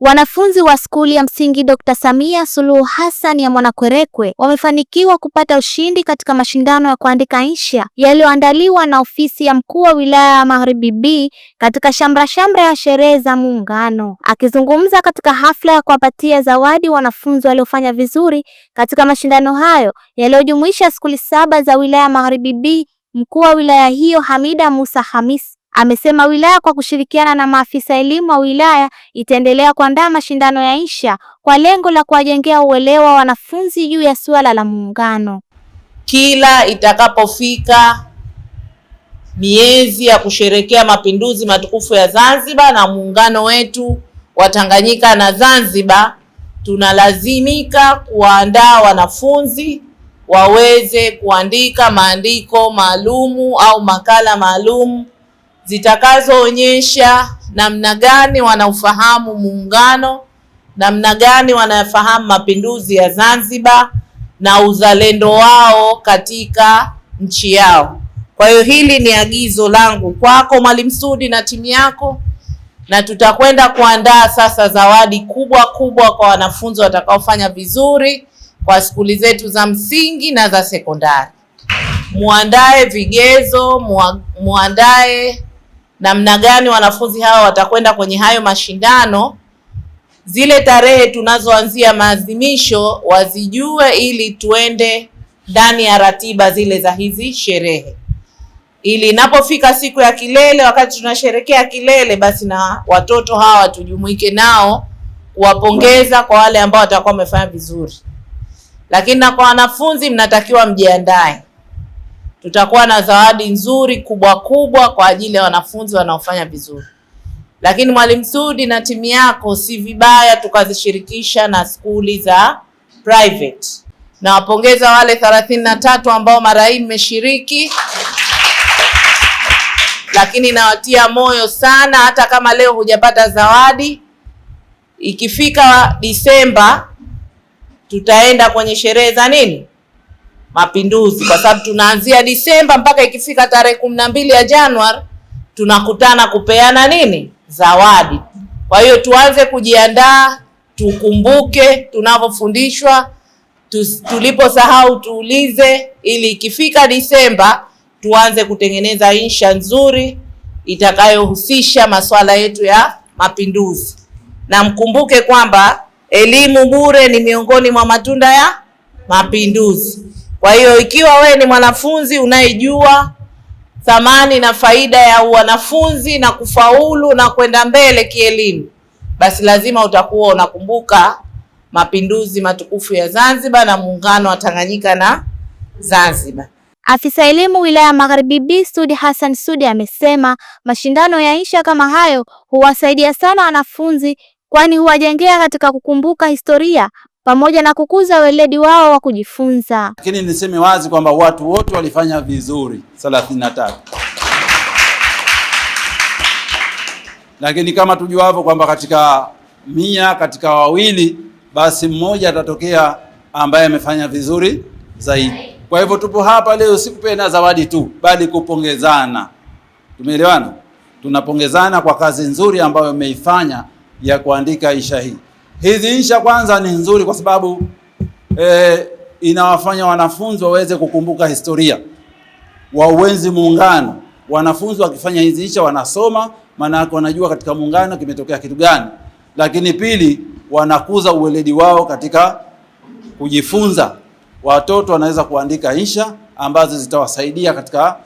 Wanafunzi wa skuli ya msingi Dr. Samia Suluhu Hassan ya Mwanakwerekwe wamefanikiwa kupata ushindi katika mashindano ya kuandika insha yaliyoandaliwa na ofisi ya mkuu wa wilaya ya Magharibi B katika shamra shamra ya sherehe za Muungano. Akizungumza katika hafla ya kuwapatia zawadi wanafunzi waliofanya vizuri katika mashindano hayo yaliyojumuisha skuli saba za wilaya ya Magharibi B, mkuu wa wilaya hiyo Hamida Musa Hamis Amesema wilaya kwa kushirikiana na maafisa elimu wa wilaya itaendelea kuandaa mashindano ya insha kwa lengo la kuwajengea uelewa wanafunzi juu ya suala la Muungano. Kila itakapofika miezi ya kusherekea mapinduzi matukufu ya Zanzibar na muungano wetu wa Tanganyika na Zanzibar, tunalazimika kuandaa wanafunzi waweze kuandika maandiko maalumu au makala maalumu zitakazoonyesha namna gani wanaufahamu muungano, namna gani wanafahamu mapinduzi ya Zanzibar na uzalendo wao katika nchi yao. Kwa hiyo hili ni agizo langu kwako Mwalimu Sudi na timu yako, na tutakwenda kuandaa sasa zawadi kubwa kubwa kwa wanafunzi watakaofanya vizuri kwa skuli zetu za msingi na za sekondari. Muandae vigezo, muandae namna gani wanafunzi hawa watakwenda kwenye hayo mashindano, zile tarehe tunazoanzia maadhimisho wazijue, ili tuende ndani ya ratiba zile za hizi sherehe, ili inapofika siku ya kilele, wakati tunasherekea kilele, basi na watoto hawa tujumuike nao kuwapongeza kwa wale ambao watakuwa wamefanya vizuri. Lakini na kwa wanafunzi, mnatakiwa mjiandae tutakuwa na zawadi nzuri kubwa kubwa kwa ajili ya wanafunzi wanaofanya vizuri. Lakini Mwalimu Sudi na timu yako, si vibaya tukazishirikisha na skuli za private. Nawapongeza wale 33 ambao mara hii mmeshiriki lakini nawatia moyo sana. Hata kama leo hujapata zawadi, ikifika Disemba tutaenda kwenye sherehe za nini Mapinduzi, kwa sababu tunaanzia Disemba mpaka ikifika tarehe kumi na mbili ya Januari tunakutana kupeana nini, zawadi. Kwa hiyo tuanze kujiandaa, tukumbuke tunavyofundishwa, tuliposahau tuulize, ili ikifika Disemba tuanze kutengeneza insha nzuri itakayohusisha masuala yetu ya mapinduzi. Na mkumbuke kwamba elimu bure ni miongoni mwa matunda ya mapinduzi. Kwa hiyo ikiwa we ni mwanafunzi unayejua thamani na faida ya wanafunzi na kufaulu na kwenda mbele kielimu, basi lazima utakuwa unakumbuka mapinduzi matukufu ya Zanzibar na muungano wa Tanganyika na Zanzibar. Afisa elimu wilaya Magharibi B Sudi Hassan Sudi amesema mashindano ya insha kama hayo huwasaidia sana wanafunzi kwani huwajengea katika kukumbuka historia, pamoja na kukuza weledi wao wa kujifunza. Lakini niseme wazi kwamba watu wote walifanya vizuri 33 lakini kama tujuavyo kwamba katika mia, katika wawili, basi mmoja atatokea ambaye amefanya vizuri zaidi. Kwa hivyo tupo hapa leo si kupeana zawadi tu, bali kupongezana. Tumeelewana? Tunapongezana kwa kazi nzuri ambayo umeifanya ya kuandika insha hii. Hizi insha kwanza ni nzuri kwa sababu e, inawafanya wanafunzi waweze kukumbuka historia wa uwenzi muungano. Wanafunzi wakifanya hizi insha wanasoma, maana wanajua katika muungano kimetokea kitu gani, lakini pili, wanakuza uweledi wao katika kujifunza. Watoto wanaweza kuandika insha ambazo zitawasaidia katika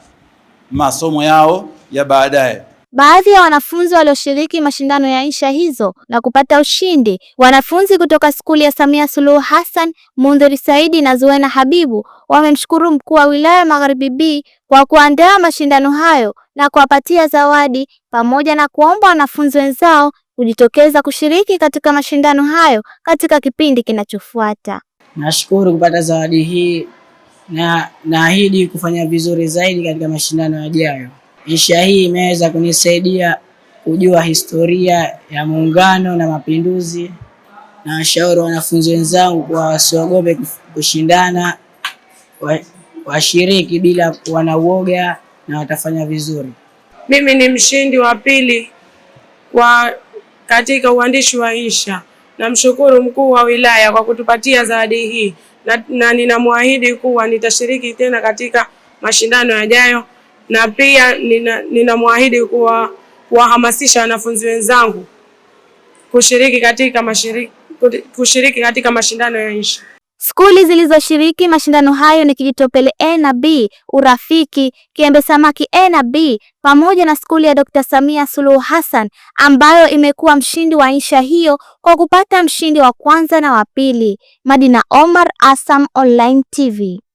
masomo yao ya baadaye. Baadhi ya wanafunzi walioshiriki mashindano ya insha hizo na kupata ushindi, wanafunzi kutoka skuli ya Samia Suluhu Hassan, Mundhiri Saidi na Zuena Habibu wamemshukuru mkuu wa wilaya Magharibi B kwa kuandaa mashindano hayo na kuwapatia zawadi pamoja na kuomba wanafunzi wenzao kujitokeza kushiriki katika mashindano hayo katika kipindi kinachofuata. Nashukuru kupata zawadi hii na naahidi kufanya vizuri zaidi katika mashindano yajayo. Insha hii imeweza kunisaidia kujua historia ya Muungano na Mapinduzi, na washauri wanafunzi wenzangu kwa wasiogope kushindana, washiriki bila kuwa na uoga na watafanya vizuri. Mimi ni mshindi wa pili wa katika uandishi wa insha. Namshukuru mkuu wa wilaya kwa kutupatia zawadi hii na, na ninamwahidi kuwa nitashiriki tena katika mashindano yajayo na pia ninamwahidi nina kuwa kuwahamasisha wanafunzi wenzangu kushiriki katika mashiriki, kushiriki katika mashindano ya nchi. Skuli zilizoshiriki mashindano hayo ni Kijitopele A na B, Urafiki, Kiembe Samaki A na B pamoja na skuli ya Dr. Samia Suluhu Hassan ambayo imekuwa mshindi wa insha hiyo kwa kupata mshindi wa kwanza na wa pili. Madina Omar, ASAM Online TV.